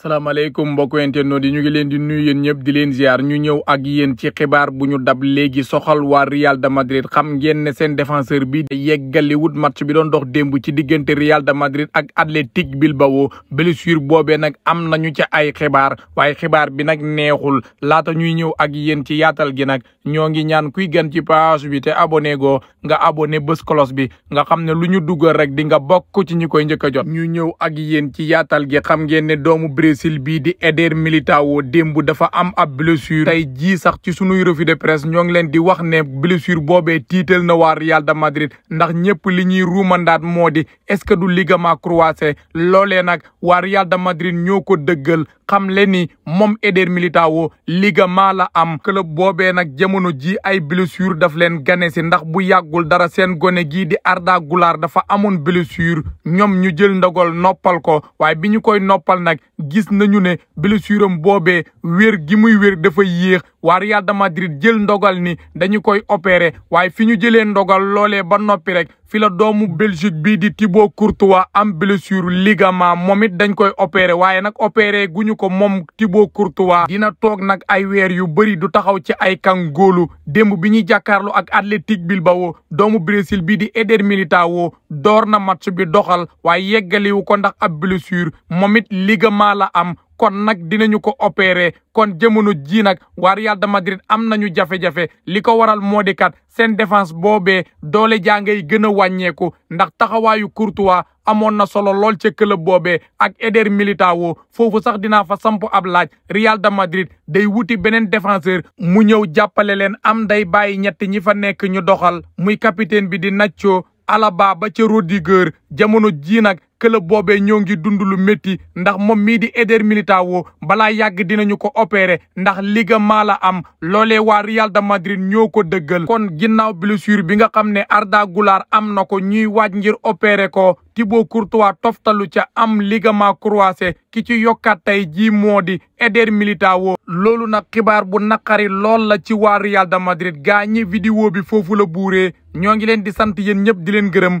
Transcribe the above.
salaamaaleykum mbokk internet yi ñu ngi leen di nuyu yéen ñëpp di leen ziar ñu ñëw ak yéen ci xibaar bu ñu dab léegi soxal waa Real de Madrid xam ngeen ne seen défenseur bi yeggaliwut match bi doon dox démb ci diggante Real de Madrid ak Athletic Bilbao blessure boobee nag am nañu ca ay xibaar waaye xibaar bi nag neexul laata ñuy ñëw ak yéen ci yaatal gi nag ñoo ngi ñaan kuy gan ci page bi te abonné go nga abone bës cloche bi nga xam ne lu ñu dugal rek di nga bokk ci ñi koy njëkk a jot ñu ñëw ak yéen ci yaatal gi xam ngeen ne doomu imbécile bii di Eder Militao démb dafa am ab blessure tey jii sax ci sunuy revue de presse ñoo ngi leen di wax ne blessure boobee tiital na waa Real de Madrid ndax ñëpp li ñuy ruumandaat moo di est-ce que du ligament croisé loolee nag waa Real de Madrid ñoo ko dëggal xam xamle ni moom Eder Militao ligament la am club boobee nag jamono ji ay blessure daf leen gane si ndax bu yàggul dara seen gone gii di Arda Güler dafa amoon blessure ñoom ñu jël ndogal noppal ko waaye bi ñu koy noppal nag gis nañu ne blessure am boobee wér gi muy wér dafa yéex waa Real de Madrid jël ndogal ni dañu koy opéré waaye fi ñu jëlee ndogal loole ba noppi rek fi la doomu Belgique bii di Thibaut Courtois am blessure ligament moom it dañ koy opéré waaye nag opéré guñu ko moom Thibaut Courtois dina toog nag ay weer yu bëri du taxaw ci ay kangóolu démb bi ñuy jàkkaarloo ak Athletic Bilbao doomu Brésil bii di Éder Militão door na match bi doxal waaye yeggaliwu ko ndax ab blessure moom it ligament la am kon nag dinañu ko opérer kon jamono ji nag waa Real de Madrid am nañu jafe-jafe li ko waral moo di kat seen défense boobee doole jàngay gën a wàññeeku ndax taxawaayu Courtois amoon na solo lool ca club boobee ak Eder Militão foofu sax dinaa fa samp ab laaj Real de Madrid day wuti beneen défenseur mu ñëw jàppale leen am day bàyyi ñett ñi fa nekk ñu doxal muy capitaine bi di Nacho Alaba ba ca Rudiger jamono ji nag club boobe ñoo ngi dund lu métti ndax moom mii di Eder woo balaa yàgg dinañu ko opéré ndax ligament la am loolee waa Real de Madrid ñoo ko dëggal kon ginnaaw blessure bi nga xam ne Arda Güler am na ko ñuy waaj ngir opéré ko Thibaut Courtois toftalu ca am ligament croisé ki ci yokkaat tey jii moo di Eder Militão loolu nag xibaar bu naqari lool la ci waa Real de Madrid gaa ñi vidéo bi foofu la buuree ñoo ngi leen di sant yéen ñëpp di leen gërëm